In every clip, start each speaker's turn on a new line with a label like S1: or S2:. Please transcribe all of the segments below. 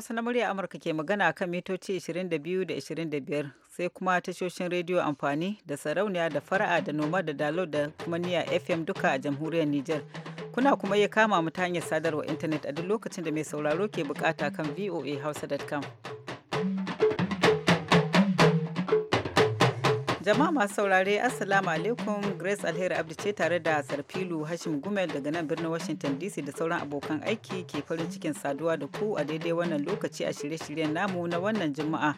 S1: Hausa na murya Amurka ke magana kan mitoci 22 da 25 sai kuma tashoshin rediyo amfani da sarauniya da fara'a da noma da dalo da kuma niya FM duka a jamhuriyar Nijar. Kuna kuma iya kama mu ta hanyar sadarwa intanet a duk lokacin da mai sauraro ke bukata kan voahausa.com. Jama'a masu saurare Assalamu alaikum Grace Alheri Abdi ce tare da Sarfilu Hashim Gumel daga nan birnin Washington DC da sauran abokan aiki ke farin cikin saduwa da ku a daidai wannan lokaci a shirye-shiryen namu na wannan Juma'a.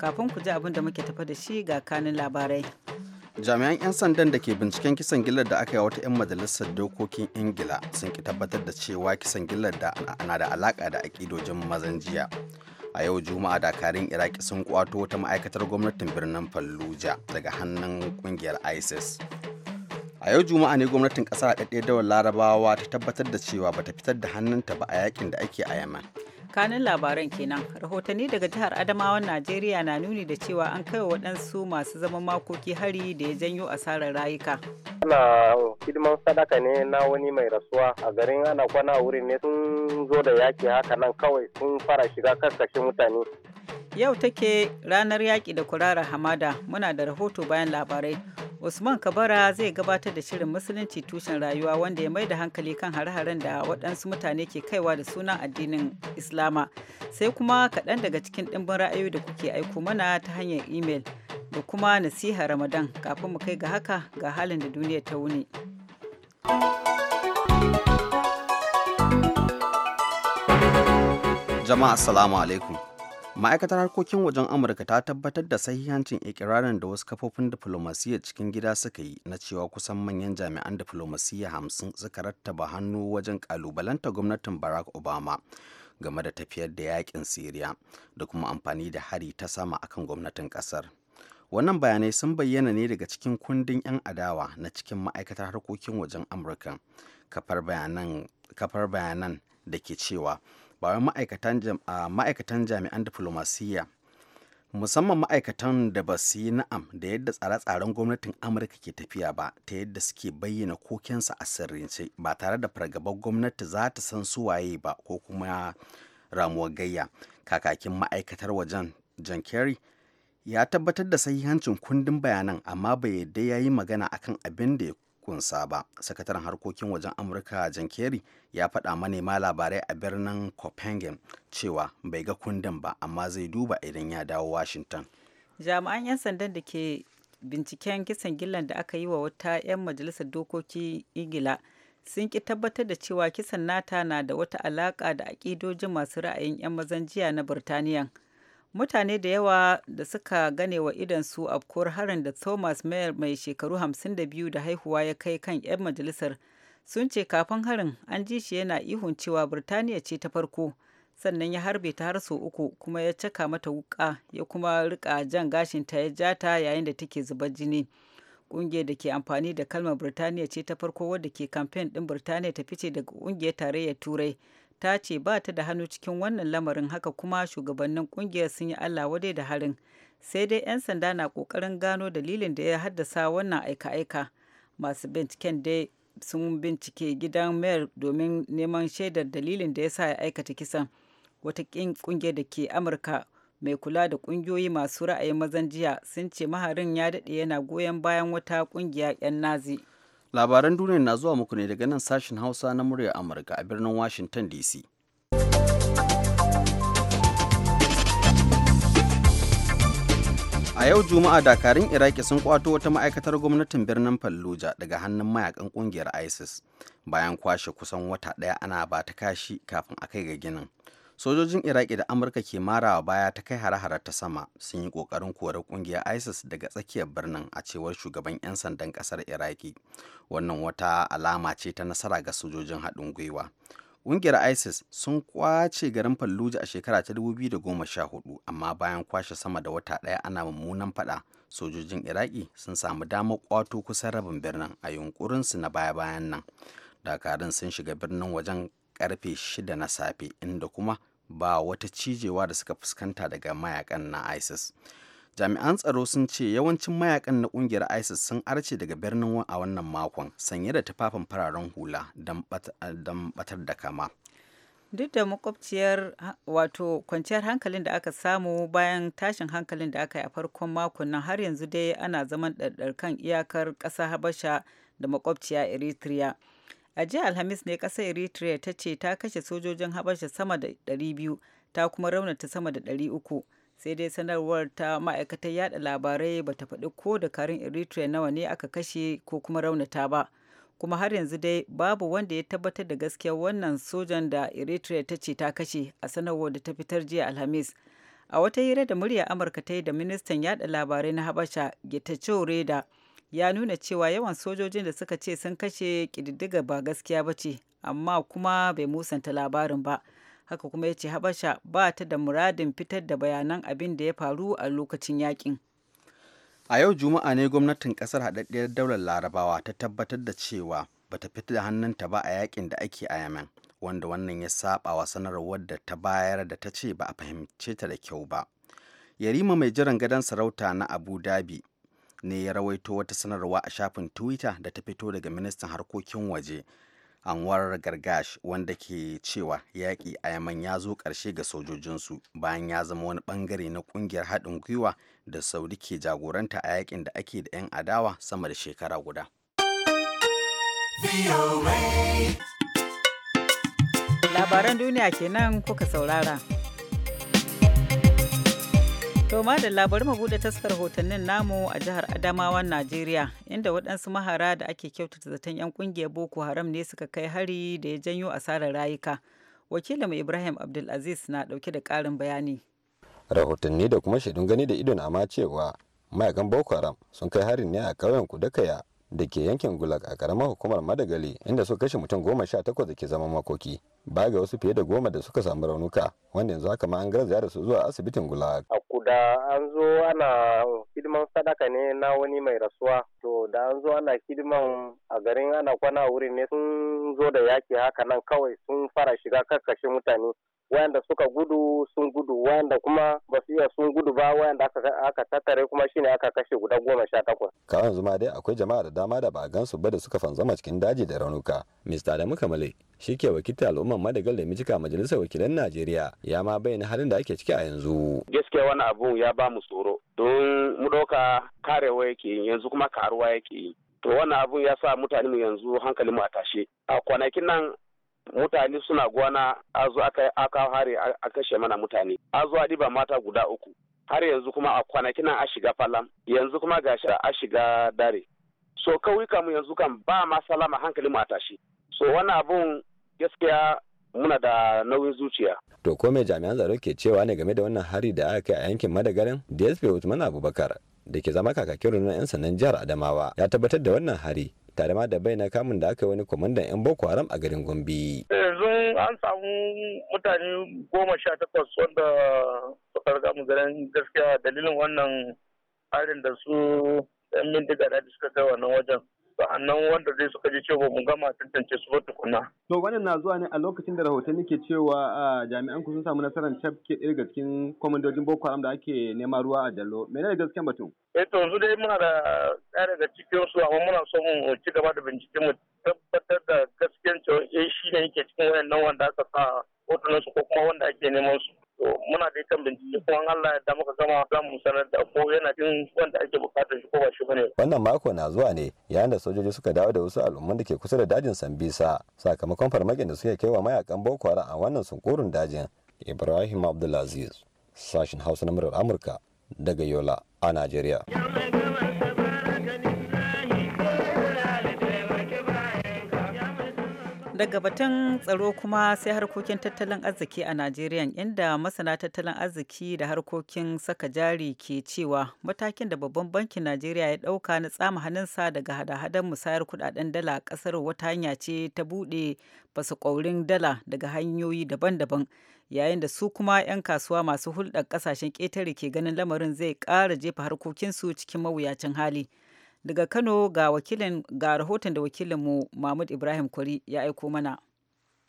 S1: Kafin ku ji abin da muke tafa da shi ga kanin labarai.
S2: Jami'an 'yan sandan da ke binciken kisan gillar da aka yi wata 'yan majalisar dokokin Ingila sun ki tabbatar da cewa kisan gillar da na da alaka da akidojin mazan jiya. a yau juma'a dakarun iraki sun kwato wata ma'aikatar gwamnatin birnin falluja daga hannun kungiyar isis a yau juma'a ne gwamnatin kasar haɗaɗɗe dawar larabawa ta tabbatar da cewa bata fitar da hannunta ba a yakin da ake a yaman
S1: kanin labaran kenan rahotanni daga jihar adamawan najeriya na nuni da cewa an kai wa waɗansu masu zaman makoki hari da ya janyo asarar rayuka ana
S3: hidiman sadaka ne na wani mai rasuwa a garin ana kwana wurin ne sun zo da yaki haka nan kawai sun fara shiga karkashin mutane
S1: Yau take ranar yaƙi da kurara hamada muna da rahoto bayan labarai. Usman Kabara zai gabatar da shirin Musulunci tushen rayuwa wanda ya mai da hankali kan hare-haren da waɗansu mutane ke kaiwa da sunan addinin Islama. Sai kuma kaɗan daga cikin ɗimbin ra'ayoyi da kuke aiko mana ta hanyar imel da kuma nasiha Ramadan kafin mu kai ga haka ga halin da duniya ta wuni.
S2: Jama'a assalamu alaikum. ma'aikatar harkokin wajen amurka ta tabbatar da sahihancin ikirarin da wasu kafofin diflomasiyya cikin gida suka yi na cewa kusan manyan jami'an diflomasiyya hamsin suka rattaba hannu wajen kalubalanta gwamnatin barack obama game da tafiyar da yakin siriya da kuma amfani da hari ta sama akan gwamnatin kasar wannan bayanai sun bayyana ne daga cikin kundin 'yan adawa na cikin ma'aikatar harkokin wajen amurka kafar bayanan da ke cewa ba ma'aikatan jami'an diflomasiyya musamman ma'aikatan da ba su yi na'am da yadda tsare-tsaren gwamnatin amurka ke tafiya ba ta yadda suke bayyana kokensa a sirrince ba tare da fargabar gwamnati za ta san su waye ba ko kuma ramuwar gayya kakakin ma'aikatar wajen john kerry ya tabbatar da sahihancin kundin bayanan amma bai yadda ya yi magana akan abin da ya kunsa ba sakataren harkokin wajen amurka jan kerry ya faɗa manema labarai a birnin copenhagen cewa bai ga kundin ba amma zai duba idan ya dawo washington
S1: jami'an 'yan sandan da ke binciken kisan gillan da aka yi wa wata 'yan majalisar dokoki ingila sun ki tabbatar da cewa kisan nata na da wata alaƙa da aƙidojin masu ra'ayin 'yan mazan jiya na birtaniya mutane da yawa da suka gane wa su afkuwar harin da thomas mayer mai shekaru 52 da haihuwa ya kai kan 'yan majalisar sun ce kafin harin an ji shi yana ihun cewa birtaniya ce ta farko sannan ya harbe ta har sau uku kuma ya caka mata wuka ya kuma rika jan gashinta ya ja ta yayin da take zubar jini ƙungiya da ke amfani da kalmar birtaniya ce ta farko wadda ke kamfen ɗin birtaniya ta fice daga kungiyar tarayyar turai ta ce ba ta da hannu cikin wannan lamarin haka kuma shugabannin kungiyar sun yi allah wadai da harin sai dai 'yan sanda na kokarin gano dalilin da ya haddasa wannan aika-aika masu binciken dai sun bincike gidan mayar domin neman shaidar dalilin da ya sa ya aikata kisan wata kungiyar da ke amurka mai kula da kungiyoyi masu ra'ayin mazan jiya sun ce maharin ya daɗe yana goyon bayan wata kungiya 'yan nazi
S2: labaran duniya na zuwa muku ne daga nan sashen hausa na muryar amurka a birnin washington dc a yau juma'a dakarun iraki sun kwato wata ma'aikatar gwamnatin birnin fallujah daga hannun mayakan kungiyar isis bayan kwashe kusan wata ɗaya ana ba ta kashi kafin a kai ga ginin sojojin iraki da amurka ke marawa baya ta kai hare-hare ta sama sun yi kokarin kore kungiyar isis daga tsakiyar birnin a cewar shugaban 'yan sandan kasar iraki wannan wata alama ce ta nasara ga sojojin haɗin gwiwa ƙungiyar isis sun kwace garin fallujah a shekara ta 2014 amma bayan kwashe sama da wata ɗaya ana mummunan faɗa sojojin iraki sun samu damar kwato kusan rabin birnin a yunkurinsu na baya-bayan nan dakarun sun shiga birnin wajen karfe 6 na safe inda kuma ba wata cijewa da suka fuskanta daga mayakan na isis jami'an tsaro sun ce yawancin mayakan na kungiyar isis sun arce daga birnin a wannan makon sanye da tufafin fararen hula don batar da kama
S1: duk da makwabciyar wato kwanciyar hankalin da aka samu bayan tashin hankalin da aka yi a farkon makon nan har yanzu dai ana zaman ɗarɗar kan iyakar ƙasa habasha da makwabciya eritrea a jiya alhamis ne kasar eritrea ta ce ta kashe sojojin habasha sama da 200 ta kuma raunata sama da 300 sai dai sanarwar ta ma'aikatar yada labarai ba ta faɗi ko da karin eritrea nawa ne aka kashe ko kuma raunata ba kuma har yanzu dai babu wanda ya tabbatar da gaskiya wannan sojan da eritrea ta ce ta kashe a sanarwar da ta fitar jiya alhamis a wata hira da murya amurka ta yi da ministan yada labarai na habasha getachew reda ya nuna cewa yawan sojojin da suka ce sun kashe kididdiga ba gaskiya ba ce amma kuma bai musanta labarin ba haka kuma ya ce habasha ba ta da muradin fitar da bayanan abin da ya faru a lokacin yakin
S2: a yau juma'a ne gwamnatin kasar haɗaɗɗiyar daular larabawa ta tabbatar da cewa bata fita da hannunta ba a yakin da ake a yamen wanda wannan ya saba wa sanarwar da ta bayar da ta ce ba a fahimce ta da kyau ba yarima mai jiran gadon sarauta na abu dhabi ne ya rawaito wata sanarwa a shafin twitter da ta fito daga ministan harkokin waje anwar gargash wanda ke cewa yaƙi a yaman ya zo ƙarshe ga sojojinsu bayan ya zama wani ɓangare na ƙungiyar haɗin gwiwa da saudi ke jagoranta a yaƙin da ake da 'yan adawa sama da shekara guda
S1: labaran duniya kenan kuka saurara To da bari mu bude taskar hotonnin namu a jihar Adamawan Najeriya inda waɗansu mahara da ake kyautata zaton 'yan ƙungiyar Boko Haram ne suka kai hari da ya janyo asarar rayuka. Wakilin Ibrahim Abdulaziz na ɗauke da ƙarin bayani.
S4: Rahotanni da kuma shaidun gani da idon amma cewa mayakan Boko Haram sun kai harin ne a ƙauyen Kudakaya da ke yankin gulag a karamar hukumar madagali inda suka kashe mutum goma sha takwas da ke zama makoki ba ga wasu fiye da goma da suka samu raunuka wanda yanzu haka ma an garzaya da su zuwa asibitin gulag a kuda
S3: an zo ana hidiman sadaka ne na wani mai rasuwa to da an zo ana hidiman a garin ana kwana wurin ne sun zo da yaki haka nan kawai sun fara shiga karkashin mutane wayanda suka gudu sun gudu wayanda kuma ba su iya sun gudu ba wayanda aka tattare kuma shine aka kashe guda goma sha takwas.
S4: kawai yanzu dai akwai jama'a da dama da ba a gansu ba da suka fanzama cikin daji da raunuka mr adamu kamale shi ke wakilta al'umman madagal da mijika majalisar wakilan najeriya ya ma bayyana halin da ake ciki a yanzu
S5: gaskiya wani abu ya ba mu tsoro don mu ɗauka karewa yake yin yanzu kuma karuwa yake yi to wani abu ya sa mutane mu yanzu hankali mu a tashe a kwanakin nan mutane suna gona a zo aka aka hare a kashe mana mutane a zo a diba mata guda uku har yanzu kuma a kwanakin nan a shiga falam yanzu kuma ga a shiga dare so kauyuka mu yanzu kan ba ma salama hankali mu a tashi so wannan abun gaskiya muna da nauyin zuciya
S4: to ko mai jami'an tsaro ke cewa ne game da wannan hari da aka kai a yankin madagarin dsp usman abubakar da ke zama kakakin rundunar 'yan sannan jihar adamawa ya tabbatar da wannan hari tare ma da bayyana kamun da aka yi wani kwamandan 'yan boko haram a garin gombe
S6: yanzu an samu mutane goma sha takwas wanda suka riga mu garin gaskiya dalilin wannan harin da su 'yan bindiga da suka kai wannan wajen sa'annan wanda zai suka ji cewa mu gama tantance su ba tukuna.
S4: To wannan na zuwa ne a lokacin da rahotanni yake cewa jami'an ku sun samu nasarar cafke ɗaya daga cikin kwamandojin Boko Haram da ake nema ruwa a Jallo. Mene ne gaskiyan batun?
S6: Eh to yanzu dai muna da ɗaya daga cikin su amma muna so mu ci gaba da bincike mu tabbatar da gaskiyan cewa eh shi ne yake cikin nan wanda aka sa hotunansu ko kuma wanda ake neman su. muna da ita bincike ko an Allah da muka gama za mu sanar da ko yana cin wanda ake bukatar shi ko ba shi bane
S4: wannan mako na zuwa ne yayin da sojoji suka dawo da wasu al'umman da ke kusa da dajin Sambisa sakamakon farmakin da suke kaiwa mayakan Boko Haram a wannan sunkurin dajin Ibrahim Abdulaziz sashin Hausa na Amurka daga Yola a Najeriya.
S1: daga batun tsaro kuma sai harkokin tattalin arziki a najeriya inda masana tattalin arziki da harkokin saka jari ke cewa matakin da babban bankin najeriya ya dauka na tsama hannunsa daga hada hadar musayar kudaden dala kasar wata hanya ce ta bude kwaurin dala daga hanyoyi daban-daban yayin da su kuma 'yan kasuwa masu hulɗar ƙasashen ƙetare ke ganin lamarin zai ƙara jefa harkokinsu cikin mawuyacin hali. daga kano ga wakilin ga rahoton da wakilinmu mahmud ibrahim kwari ya aiko mana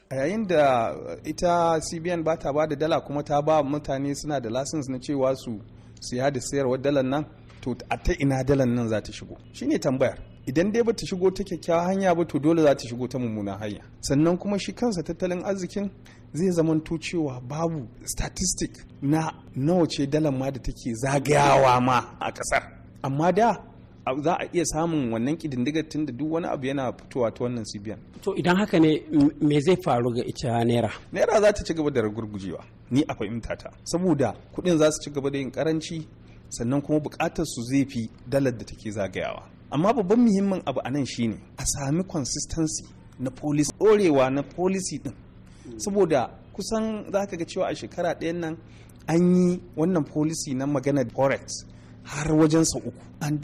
S7: a yayin da ita cbn ba ta ba da dala kuma ta ba mutane suna da lasins na cewa su siya da sayarwar dalar nan to a ta ina dalar nan za ta shigo shine tambayar idan dai bata shigo ta kyakkyawa hanya ba to dole za ta shigo ta mummuna hanya sannan kuma shi kansa tattalin arzikin zai zamanto cewa babu statistic na nawa ce dalar ma da take zagayawa ma a kasar amma da za a iya samun wannan kidindigar tun da duk wani abu yana fitowa ta wannan cbn to idan haka ne me zai faru ga ita naira naira za ta ci gaba da ragurgujewa ni a fahimta ta saboda kuɗin za su ci gaba da yin karanci sannan kuma bukatar su zai fi dalar da take zagayawa amma babban muhimmin abu a nan shine a sami consistency na policy dorewa na policy din hmm. saboda kusan za ka ga cewa a shekara ɗayan nan an yi wannan policy na maganar forex har wajen sa uku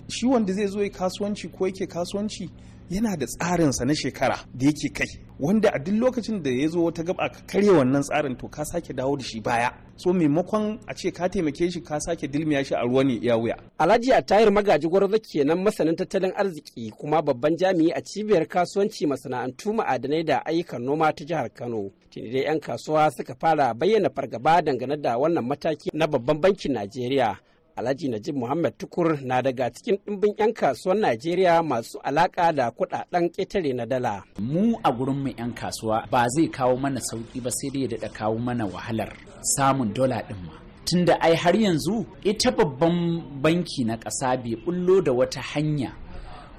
S7: shi wanda zai zo ya kasuwanci ko yake kasuwanci yana da tsarinsa na shekara da yake kai wanda a duk lokacin da ya zo wata gaba ka karya wannan tsarin to ka sake dawo da shi baya so maimakon a ce ka taimake shi ka sake dilmiya shi a ruwa ne ya wuya alhaji a tayar magaji gwarzo kenan masanin tattalin arziki kuma babban jami'i
S8: a cibiyar kasuwanci masana'antu ma'adanai da ayyukan noma ta jihar kano tuni dai yan kasuwa suka fara bayyana fargaba dangane da wannan mataki na babban bankin najeriya Alhaji Najib Muhammad Tukur na daga cikin ɗimbin 'yan kasuwan Najeriya masu alaƙa da
S9: kuɗaɗen ƙetare na dala. Mu a gurin mu 'yan kasuwa ba zai kawo mana sauƙi ba sai dai ya daɗa kawo mana wahalar samun dola ɗin ma. Tunda ai har yanzu ita babban banki na ƙasa bai bullo da wata hanya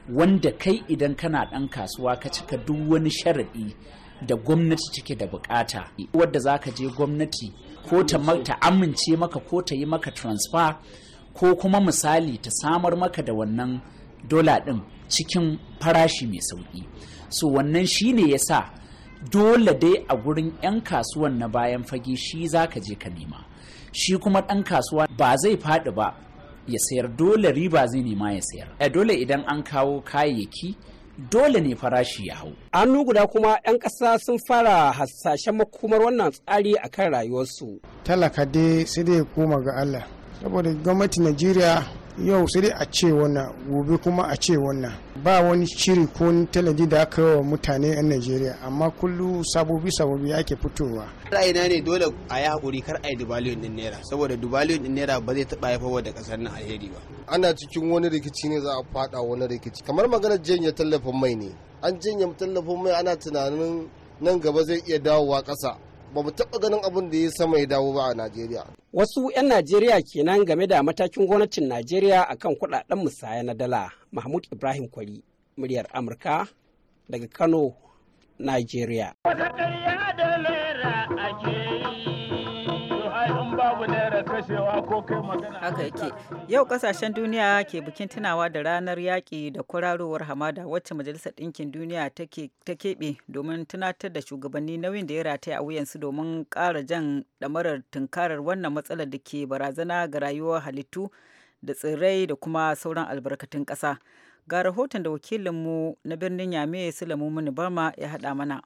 S9: wanda kai idan kana ɗan kasuwa ka cika duk wani sharaɗi da gwamnati take da bukata wadda za ka je gwamnati ko ta amince maka ko ta yi maka transfer ko kuma misali ta samar maka da wannan dola ɗin cikin farashi mai sauƙi so wannan shi ne ya sa dole dai a gurin 'yan kasuwan na bayan fage shi za ka je ka nema shi kuma ɗan kasuwa ba zai faɗi ba ya sayar dole riba zai nema ya sayar a eh, dole idan an kawo kayayyaki dole ne farashi ya hau An hannu guda kuma 'yan ƙasa sun fara hasashen makomar
S8: wannan tsari akan rayuwarsu
S3: talaka dai sai dai koma ga allah saboda gwamnati najeriya yau sai dai a ce wannan gobe kuma a ce wannan ba wani shiri ko talaji da aka yi wa mutane 'yan najeriya amma kullu sabobi sabobi ake fitowa ra'ayina ne dole a yi haƙuri kar a yi dubaliyon din naira saboda dubaliyon din naira ba zai taɓa haifarwa da
S9: ƙasar na alheri ba
S3: ana cikin wani rikici ne za a faɗa wani rikici kamar maganar janye tallafin mai ne an janye tallafin mai ana tunanin nan gaba zai iya dawowa ƙasa ba mu taɓa ganin abin da ya sama ya dawo ba a Najeriya.
S8: Wasu 'yan Najeriya kenan game da matakin gwamnatin Najeriya akan kuɗaɗen musaya na dala. Mahmud Ibrahim Kwari, muryar Amurka daga Kano, Najeriya.
S1: Haka yake. Yau kasashen duniya ke bikin tunawa da ranar yaƙi da kwararowar hamada wacce Majalisar Ɗinkin Duniya ta keɓe domin tunatar da shugabanni nauyin da ya rataya a wuyansu domin ƙara jan ɗamarar tunkarar wannan matsalar da ke barazana ga rayuwar halittu da tsirrai da kuma sauran albarkatun ƙasa. Ga rahoton da wakilinmu na birnin Yame Sulamu Muni ya haɗa mana.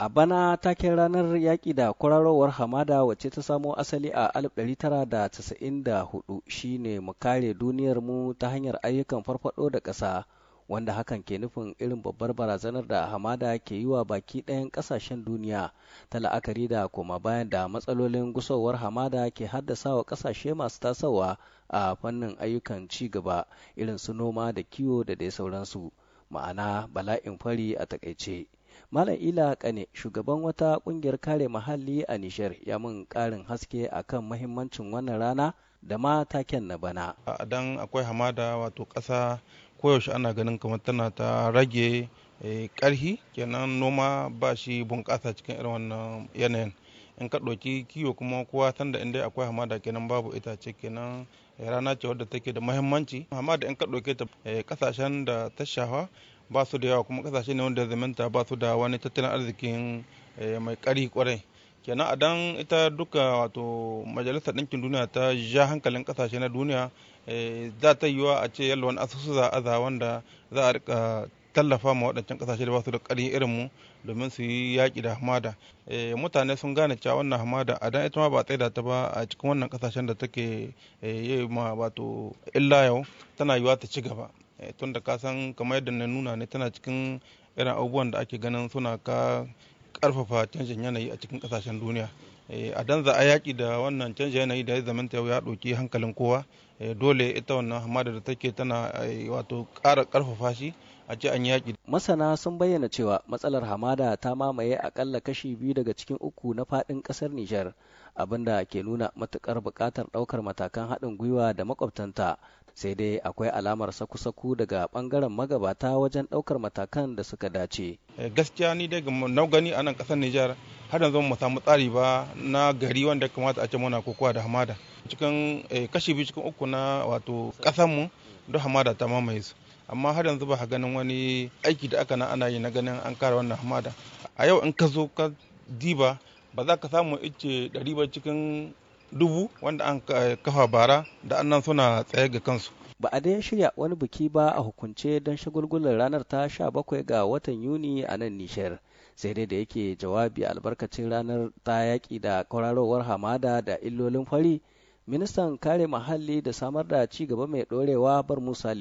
S8: A bana taken ranar yaƙi da kwararowar hamada wacce ta samo asali a 1994 shine mu kare duniyarmu ta hanyar ayyukan farfaɗo da ƙasa wanda hakan ke nufin irin babbar barazanar da hamada ke yi wa baki ɗayan ƙasashen duniya ta la'akari da koma bayan da matsalolin gusowar hamada ke haddasa wa ƙasashe masu tasowa a fannin ayyukan ci gaba irin su noma da kiwo da dai sauransu ma'ana bala'in fari a takaice. Malam Ila Kane shugaban wata kungiyar kare muhalli a Nijar ya mun karin haske akan mahimmancin wannan rana da
S10: ma taken na bana. adan akwai hamada wato ƙasa koyaushe ana ganin kamar tana ta rage eh, ƙarhi kenan noma ba shi bunƙasa cikin irin wannan yanayin. in ka ɗauki kiwo kuma kowa san inda akwai hamada kenan babu itace kenan eh, rana ce wadda take da muhimmanci hamada in ka ɗauke ta eh, ƙasashen da ta shafa ba su da yawa kuma kasashe ne wanda zamanta ba su da wani tattalin arzikin eh, mai kari kwarai kenan a dan ita duka wato majalisar ɗinkin duniya ta ja hankalin kasashe na duniya eh, za ta yiwa a ce yalla wani asusu za aza wanda za a rika tallafa ma waɗancan kasashe da ba su da ƙari irin mu domin su yi yaƙi da hamada eh, mutane sun gane cewa wannan hamada a dan ita ma ba tsaida ta ba a cikin wannan kasashen da take yi ma wato illa yau tana yiwa ta ci gaba Eh, tun da kasan kamar yadda na nuna ne tana cikin irin abubuwan da ake ganin suna ka karfafa canjin yanayi a cikin kasashen duniya eh, a danza za a yaƙi da wannan canjin yanayi da ya zama ta ya ɗauki hankalin kowa eh, dole ita wannan hamada da take tana wato ƙara ƙarfafa shi a ce an yaƙi. Masana sun bayyana cewa matsalar hamada ta mamaye akalla kashi biyu daga
S8: cikin uku na faɗin ƙasar Nijar, abinda ke nuna matuƙar buƙatar ɗaukar matakan haɗin gwiwa da makwabtanta sai dai akwai alamar saku-saku daga bangaren magabata
S10: wajen daukar matakan da suka dace eh, gaskiya ni daga na gani a nan kasar Nijar har yanzu mu samu tsari ba na gari wanda kamata a ce muna kokowa da hamada cikin eh, kashi biyu cikin uku na wato kasanmu da hamada ta mamaye su amma har yanzu ba ganin wani aiki da aka na ana yi na ganin an kara wannan hamada a yau in ka zo ka diba ba za ka samu ice ɗari ba cikin dubu wanda an kafa bara da annan suna tsaye ga kansu ba a dai shirya wani biki ba a hukunce don shagulgulan
S8: ranar ta bakwai ga watan yuni a nan nishar sai dai da yake jawabi albarkacin ranar ta yaƙi da kwararowar hamada da illolin fari ministan kare muhalli da samar da ci gaba mai dorewa bar musa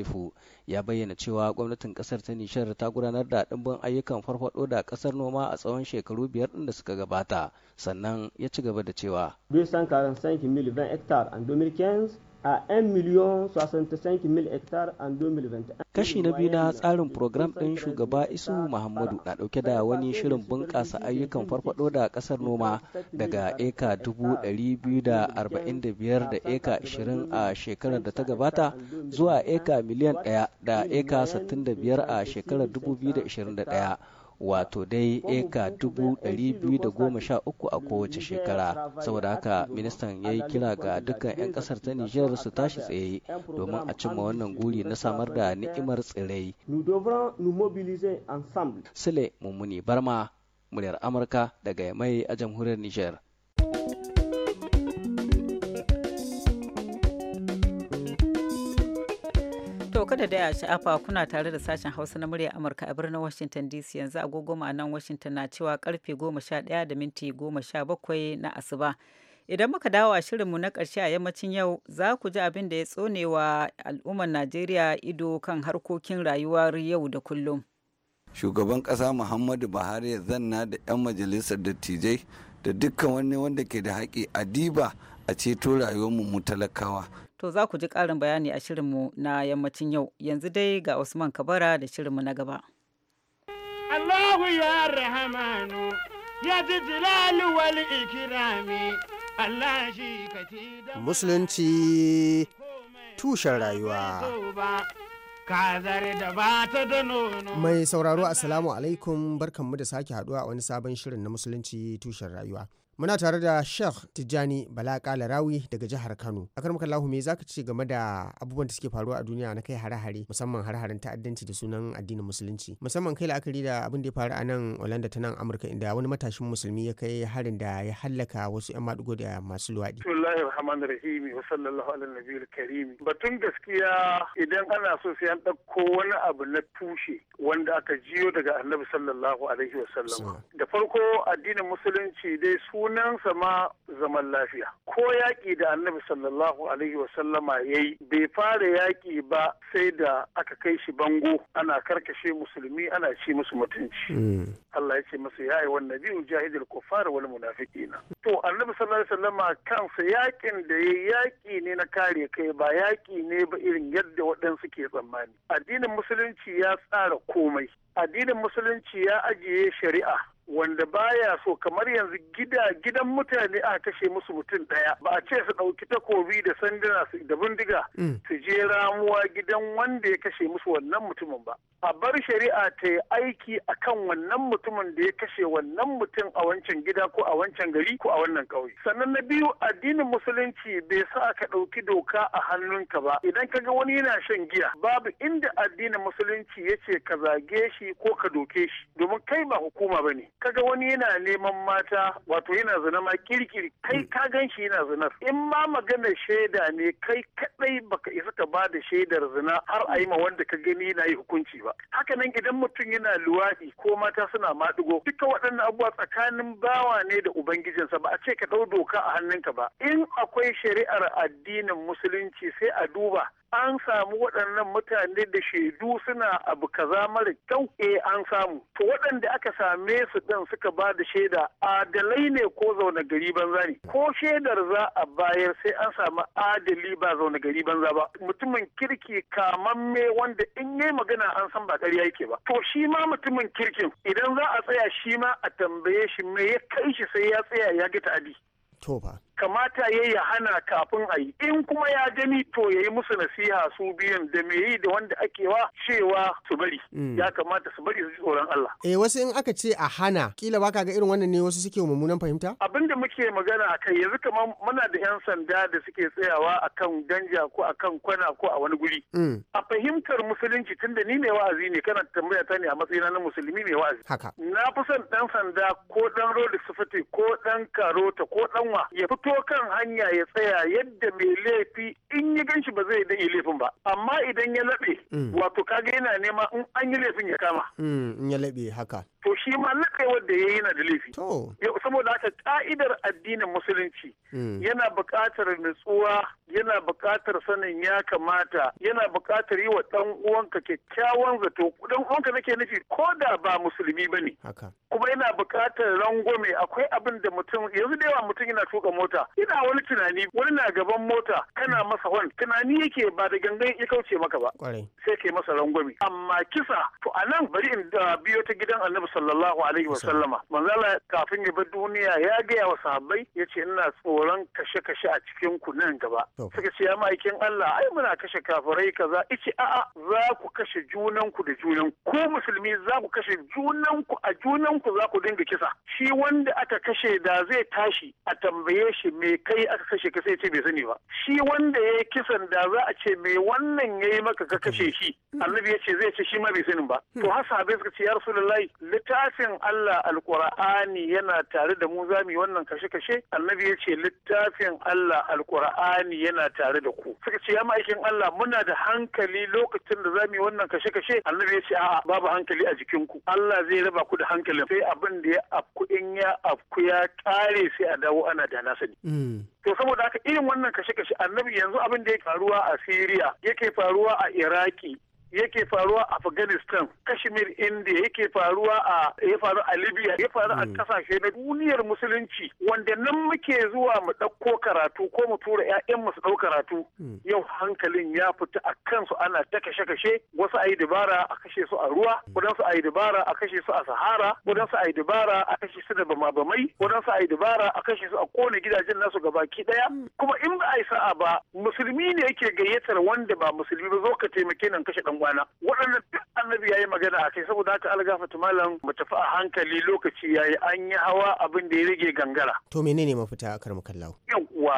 S8: ya bayyana cewa gwamnatin kasar ta nishar ta gudanar da ɗimbin ayyukan farfado da kasar noma a tsawon shekaru biyar ɗin da suka gabata sannan ya ci gaba da cewa
S4: 245 hectares en 2015 a 1 miliyan 65 mil hectares en 2021. Kashi na biyu na
S8: tsarin program ɗin shugaba Isu Muhammadu na ɗauke da wani shirin bunƙasa ayyukan farfaɗo da ƙasar noma daga eka 245 da eka 20 a shekarar da ta gabata zuwa eka miliyan 1 da eka 65 a shekarar 2021. wato dai eka dubu ɗari biyu da goma sha uku a kowace shekara saboda haka ministan ya yi kira ga dukkan 'yan kasar ta nijar su tashi tsaye domin a cimma wannan guri na samar da ni'imar tsirai sule mummuni barma muryar amurka daga mai a jamhuriyar nijar
S1: kada da daya sha'afa kuna tare da sashen hausa na murya amurka a birnin washington dc yanzu agogo nan washington na cewa karfe 11 da minti 17 na asuba idan muka dawo a shirinmu na ƙarshe a yammacin yau za ku ji abin da ya tsone wa al'ummar najeriya ido kan harkokin rayuwar yau da kullum
S4: shugaban ƙasa muhammadu buhari ya zanna da 'yan majalisar dattijai da dukkan wani wanda ke da haƙi a diba a ceto rayuwarmu mu talakawa
S1: To za ku ji ƙarin bayani a shirinmu na yammacin yau. Yanzu dai ga Usman Kabara da shirinmu na gaba.
S5: Allahu ya rahamanu ya ji jilali wal ikirami Allah shi ka
S1: da Musulunci
S3: tushen rayuwa. Mai sauraro Assalamu alaikum barkanmu da sake haduwa a wani sabon shirin na Musulunci tushen rayuwa. Muna tare da Sheikh Tijjani Bala Kalarawi daga jihar Kano. A karmaka Allahu me zaka ce game da abubuwan da suke faruwa a duniya na kai hare-hare musamman hare-haren ta'addanci da sunan addinin musulunci. Musamman kai la'akari da abin da ya faru a nan Olanda ta nan Amurka inda wani matashin musulmi ya kai harin da ya hallaka wasu 'yan madugo da masu luwaɗi.
S6: Bismillahir Rahmanir Rahim wa sallallahu ala nabiyil karim. Batun gaskiya idan ana so sai an ɗauko wani abu na tushe wanda aka jiyo daga Annabi sallallahu alaihi wa sallam. Da farko addinin musulunci dai su sunansa ma zaman lafiya ko yaƙi da annabi sallallahu alaihi wasallama ya yi bai fara yaƙi ba sai da aka kai shi bango ana karkashe musulmi ana ci musu mutunci hmm. Allah ya ce masa ya yi wannan biyu kufar wal munafiqina to annabi sallallahu alaihi wasallama kansa yaƙin da ya yaƙi ne na kare kai ba yaƙi ne ba irin yadda waɗansu ke tsammani addinin musulunci ya tsara komai addinin musulunci ya ajiye shari'a wanda baya so kamar yanzu gida gidan mutane a kashe musu mutum daya ba a ce su ɗauki takobi da sanduna da bindiga mm. su je ramuwa gidan wanda ya kashe musu wannan mutumin ba a bar shari'a ta yi aiki akan wannan mutumin da ya kashe wannan mutum a wancan gida ko a wancan gari ko a wannan ƙauye sannan na biyu addinin musulunci bai sa ka ɗauki doka a hannunka ba idan ka ga wani yana shan giya babu inda addinin musulunci ya ce ka zage shi ko ka doke shi domin kai ba hukuma ba ne kaga wani yana neman mata wato yana zina ma kirkiri kai hmm. ka gan shi yana zina in ma magana shaida ne kai kadai baka isa ka ba da shaidar zina har a yi ma wanda ka gani yana yi hukunci ba haka nan idan mutum yana luwaɗi ko mata suna maɗigo duka waɗannan abubuwa tsakanin bawa ne da ubangijinsa ba a ce ka ɗau doka a hannunka ba in akwai shari'ar addinin musulunci sai a duba an samu waɗannan mutane da shaidu suna abu kaza mara kyau eh an samu to waɗanda aka same su ɗin suka ba da shaida adalai ne ko zaune gari banza ne ko shaidar za a bayar sai an samu adali ba zaune gari banza ba mutumin kirki kamamme wanda in yi magana an san ba ƙarya yake ba to shi ma mutumin kirkin idan za a tsaya shi ma a tambaye shi me ya kai shi sai ya tsaya ya ga ta'adi to ba kamata ya yi hana kafin a yi in kuma ya gani to ya yi musu nasiha su biyan da me yi da wanda ake wa cewa su bari mm. ya kamata su bari su ji tsoron Allah
S3: eh wasu in aka ce a hana kila ka ga irin wannan ne wasu suke mummunan fahimta
S6: abin da muke magana a kai yanzu kamar muna da yan sanda da suke tsayawa a kan danja ko a kan kwana ko a wani guri mm. a fahimtar musulunci tunda ni mai wa'azi ne kana tambaya ta ne a matsayina na musulmi mai wa'azi haka na fi son ɗan sanda ko ɗan rodi sufati ko ɗan karota ko ɗan wa ya fito fito kan hanya ya tsaya yadda mai laifi in ya ganshi ba zai yi laifin ba amma idan ya laɓe mm. wato kaga yana nema in an yi laifin ya kama
S3: mm, in ya laɓe haka
S6: to shi ma kai wanda ya yi na da laifi. Saboda haka ka'idar addinin musulunci hmm. yana buƙatar nutsuwa yana buƙatar sanin ya kamata yana buƙatar yi wa ɗan uwanka kyakkyawan zato ɗan uwanka nake nufi ko da ba musulmi ba ne. Kuma yana buƙatar rangwame akwai abin da mutum yanzu da yawa mutum yana tuka mota yana wani tunani wani na gaban mota kana masa wan tunani yake ba da gangan ya kauce maka ba. Sai yi masa rangwame amma kisa to a nan bari in uh, biyo ta gidan annabi sallallahu alaihi wasallama manzala kafin ya bar duniya ya gaya wa sahabbai ya ce ina tsoron kashe-kashe a cikin ku nan gaba suka ce ya ma'aikin Allah ai muna kashe kafirai kaza ice a'a za ku kashe junanku da junan ku musulmi za ku kashe junanku a junanku za ku dinga kisa shi wanda aka kashe da zai tashi a tambaye shi me kai aka kashe ka sai ce bai sani ba shi wanda ya kisan da za a ce me wannan yayi maka ka kashe shi hmm. annabi ya ce zai ce shi ma bai sani ba hmm. to har sahabbai suka ce ya rasulullahi littafin Allah alkur'ani yana tare da mu zamu yi wannan kashe-kashe annabi ya ce littafin Allah alkur'ani yana tare da ku suka ce ya ma'aikin Allah muna da hankali lokacin da zamu yi wannan kashe-kashe annabi ya ce a'a babu hankali a jikin ku Allah zai raba ku da hankalin sai abin da ya afku in ya afku ya kare sai a dawo ana da nasani. Mm. to saboda haka irin wannan kashe-kashe annabi yanzu abin da ya faruwa a Siriya yake faruwa a Iraki yake faruwa a Afghanistan, Kashmir India yake faruwa a ya faru a Libya, ya faru a hmm. kasashe na duniyar musulunci wanda nan muke zuwa mu ɗauko karatu ko mu tura 'ya'yan mu su ɗau karatu. Hmm. Yau hankalin ya fita a kansu ana ta kashe-kashe, wasu a yi dabara a kashe su a ruwa, hmm. wadansu a yi dabara a kashe su a Sahara, wadansu a yi dabara a kashe su da bama-bamai, wadansu a yi dabara a kashe su a kone gidajen nasu gabaki ɗaya. Kuma in ba a yi sa'a ba, musulmi ne yake gayyatar wanda ba musulmi ba zo ka taimake nan kashe yan waɗannan duk annabi ya yi magana kai saboda haka algafatu malam mu tafi a hankali lokaci yayi an yi hawa abin da ya rage gangara
S3: to menene mafita a akar kallahu
S6: yawwa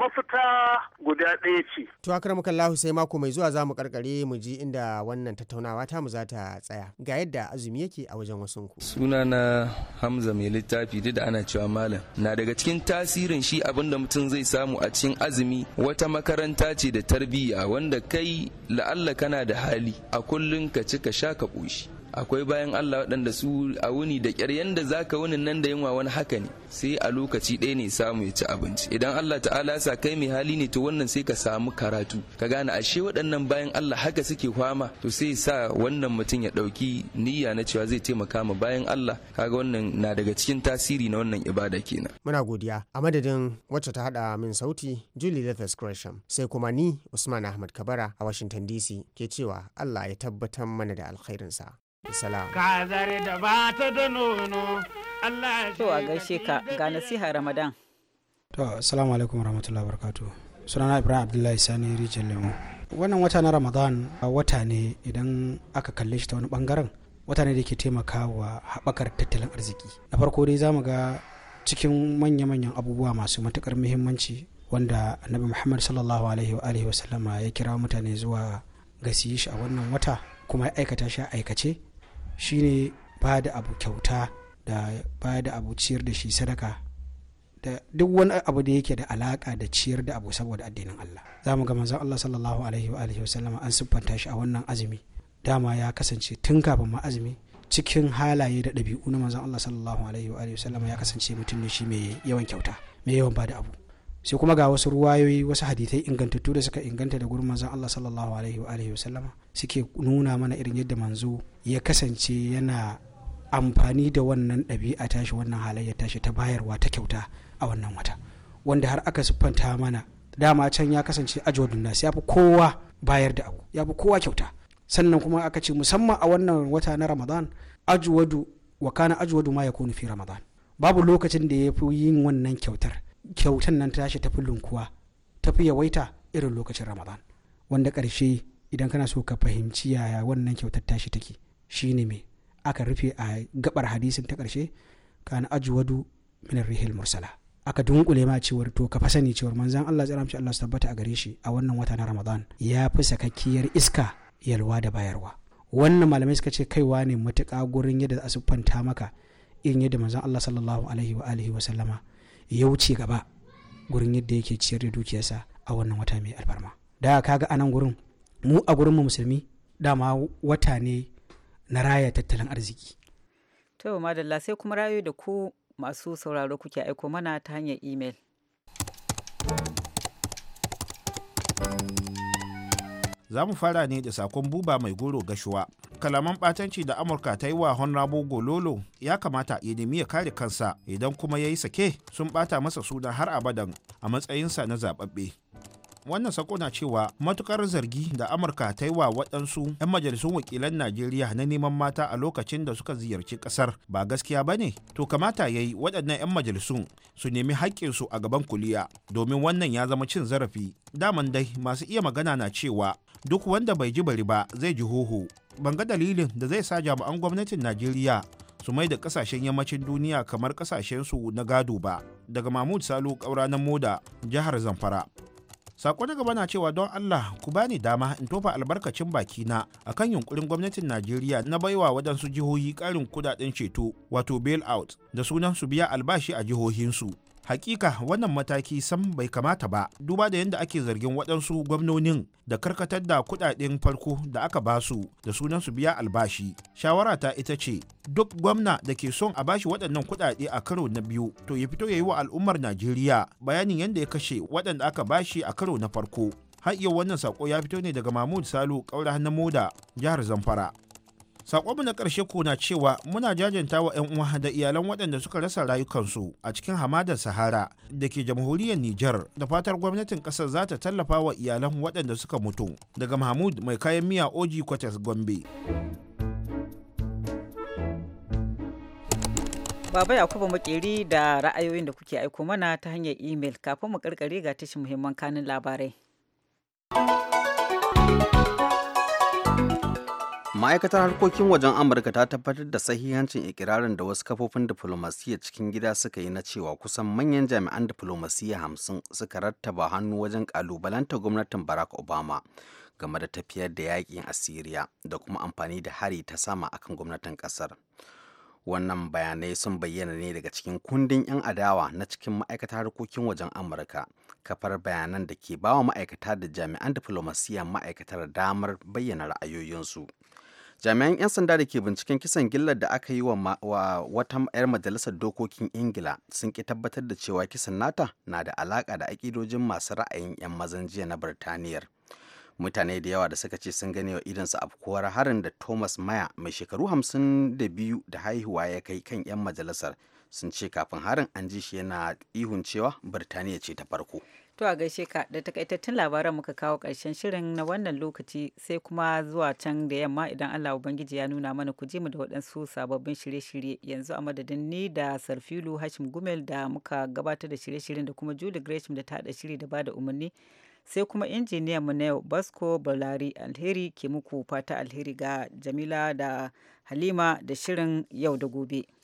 S6: mafita guda ɗaya
S3: ce to akar kallahu sai mako mai zuwa za mu karkare mu ji inda wannan tattaunawa ta mu za ta tsaya ga yadda azumi yake a wajen wasu ku
S8: sunana Hamza mai littafi duk da ana cewa malam na daga cikin tasirin shi abin da mutum zai samu a cikin azumi wata makaranta ce da tarbiyya wanda kai la'alla kana da hali a kullum ka ci ka sha ka ɓushi akwai bayan Allah waɗanda su a wuni da ƙyar yadda za ka wuni nan da yunwa wani haka ne sai a lokaci ɗaya ne samu ya ci abinci idan Allah ta'ala sa kai mai hali ne to wannan sai ka samu karatu ka gane ashe waɗannan bayan Allah haka suke kwama to sai sa wannan mutum ya ɗauki niyya na cewa zai taimaka ma bayan Allah kaga wannan na daga cikin tasiri na wannan ibada
S3: kenan muna godiya a madadin wacce ta haɗa min sauti Julie Lathas Gresham sai kuma ni Usman Ahmad Kabara a Washington DC ke cewa Allah ya tabbatar mana da alkhairinsa To a
S1: gaishe ka ga nasiha Ramadan.
S9: To assalamu alaikum warahmatullahi wabarakatuh. Sunana Ibrahim Abdullahi Sani Rijin Lemo. Wannan wata na Ramadan wata ne idan aka kalle shi ta wani bangaren wata ne da ke taimakawa haɓakar tattalin arziki. Na farko dai zamu ga cikin manya-manyan abubuwa masu matukar muhimmanci wanda annabi Muhammad sallallahu alaihi wa alihi wa sallama ya kira mutane zuwa gasi shi a wannan wata kuma ya aikata shi a aikace shine ba da abu kyauta da ba da abu ciyar da shi sadaka da duk wani abu da yake da alaka da ciyar da abu saboda addinin Allah za mu ga manzon Allah sallallahu alaihi wa alihi wasallama an siffanta shi a wannan azumi dama ya kasance tun kafin ma azumi cikin halaye da ɗabi'u na manzon Allah sallallahu alaihi wa alihi wasallama ya kasance mutum ne shi mai yawan kyauta mai yawan ba da abu sai kuma ga wasu ruwayoyi wasu hadithai ingantattu da suka inganta da gurin manzon Allah sallallahu alaihi wa alihi suke nuna mana irin yadda manzo ya kasance yana amfani da wannan ɗabi'a tashi wannan halayyar tashi ta bayarwa ta kyauta a wannan wata wanda har aka siffanta mana dama can ya kasance ajiwadun nasu ya fi kowa bayar da abu ya fi kowa kyauta sannan kuma aka ce musamman a wannan wata na ramadan ajwadu wa kana ajwadu ma kunu fi ramadan babu lokacin da ya fi yin wannan kyautar kyautan nan tashi ta tafi lunkuwa tafi yawaita irin lokacin ramadan wanda ƙarshe idan kana so ka fahimci yaya wannan kyautar tashi take ne me aka rufe a gabar hadisin ta karshe kana ajwadu min rihil mursala aka dunkule ma cewar to ka fa cewar manzon Allah tsara mishi Allah su tabbata a gare shi a wannan wata na Ramadan ya fi sakakkiyar iska yalwa da bayarwa wannan malamai suka ce kaiwa ne matuka gurin yadda za su fanta maka in yadda manzon Allah sallallahu alaihi wa alihi wa sallama ya wuce gaba gurin yadda yake ciyar da dukiyarsa a wannan wata mai alfarma da kaga anan gurin mu a gurin mu musulmi dama wata ne na raya tattalin arziki
S1: to madalla sai kuma rayu da ku masu sauraro kuke aiko mana ta hanyar email
S5: za mu fara ne da sakon buba mai goro gashuwa kalaman batanci da amurka ta yi wa honrabo gololo ya kamata ya nemi ya kare kansa idan kuma ya yi sake sun bata masa suna har abadan a matsayinsa na zababbe. wannan sako na cewa matukar zargi da amurka ta yi wa waɗansu 'yan majalisun wakilan najeriya na neman mata a lokacin da suka ziyarci ƙasar ba gaskiya ba ne to kamata ya yi waɗannan 'yan majalisun su nemi haƙƙinsu a gaban kuliya domin wannan ya zama cin zarafi daman dai masu iya magana na cewa duk wanda bai ji bari ba zai ji hoho ban ga dalilin da zai sa jami'an gwamnatin najeriya su mai da kasashen yammacin duniya kamar ƙasashensu na gado ba daga mahmud salu kaura moda jihar zamfara sako na gaba na cewa don allah ku bani dama in tofa albarkacin baki bakina akan yunkurin gwamnatin najeriya na baiwa wadansu jihohi karin kudaden ceto wato bail out da sunan su biya albashi a jihohinsu hakika wannan mataki sam bai kamata ba duba da yadda ake zargin waɗansu gwamnonin da karkatar da kuɗaɗen farko da aka ba su da sunansu biya albashi shawara ta ita ce duk gwamna da ke son a bashi waɗannan kuɗaɗe a karo na biyu to ya fito ya yi wa al'ummar najeriya bayanin yadda ya kashe waɗanda aka bashi a karo na farko har iya wannan sako ya fito ne daga mahmud salu ƙaura na moda jihar zamfara Sakonmu na ƙarshe ko na cewa muna jajanta wa 'yan uwa da iyalan waɗanda suka rasa rayukansu a cikin hamadar Sahara da ke jamhuriyar Nijar da fatar gwamnatin ƙasar za ta tallafa wa iyalan waɗanda suka mutu. Daga Mahmud mai kayan miya Oji Kwatas Gombe.
S1: Baba Yakubu Makeri da ra'ayoyin da kuke aiko mana ta hanyar imel kafin mu karkare ga tashin muhimman kanin labarai.
S2: ma'aikatar harkokin wajen amurka ta tabbatar da sahihancin ikirarin da wasu kafofin diflomasiyya cikin gida suka yi na cewa kusan manyan jami'an diflomasiyya hamsin suka rattaba hannu wajen kalubalanta gwamnatin barack obama game da tafiyar da yakin asiriya da kuma amfani da hari ta sama akan gwamnatin kasar wannan bayanai sun bayyana ne daga cikin kundin 'yan adawa na cikin ma'aikatar harkokin wajen amurka kafar bayanan da ke bawa ma'aikata da jami'an diflomasiyya ma'aikatar damar bayyana ra'ayoyinsu jami'an 'yan sanda da ke binciken kisan gillar da aka yi wa wata 'yar majalisar dokokin ingila sun ki tabbatar da cewa kisan nata na da alaka da akidojin masu ra'ayin 'yan mazan jiya na birtaniyar mutane da yawa da suka ce sun gane wa idansu afkuwar harin da thomas maya mai shekaru hamsin da biyu da haihuwa ya kai kan 'yan majalisar sun ce kafin harin an ji shi yana ihun cewa birtaniya ce ta farko
S1: To a gaishe ka da takaitattun labaran muka kawo karshen shirin na wannan lokaci sai kuma zuwa can da yamma idan Allah Ubangiji ya nuna mana ku ji mu da waɗansu sababbin shirye-shirye yanzu a madadin ni da Sarfilu Hashim Gumel da muka gabatar da shirye-shiryen da kuma Julie Gresham da ta haɗa shiri da bada umarni sai kuma injiniyan mu na yau Basko Balari Alheri ke muku fata alheri ga Jamila da Halima da shirin yau da gobe.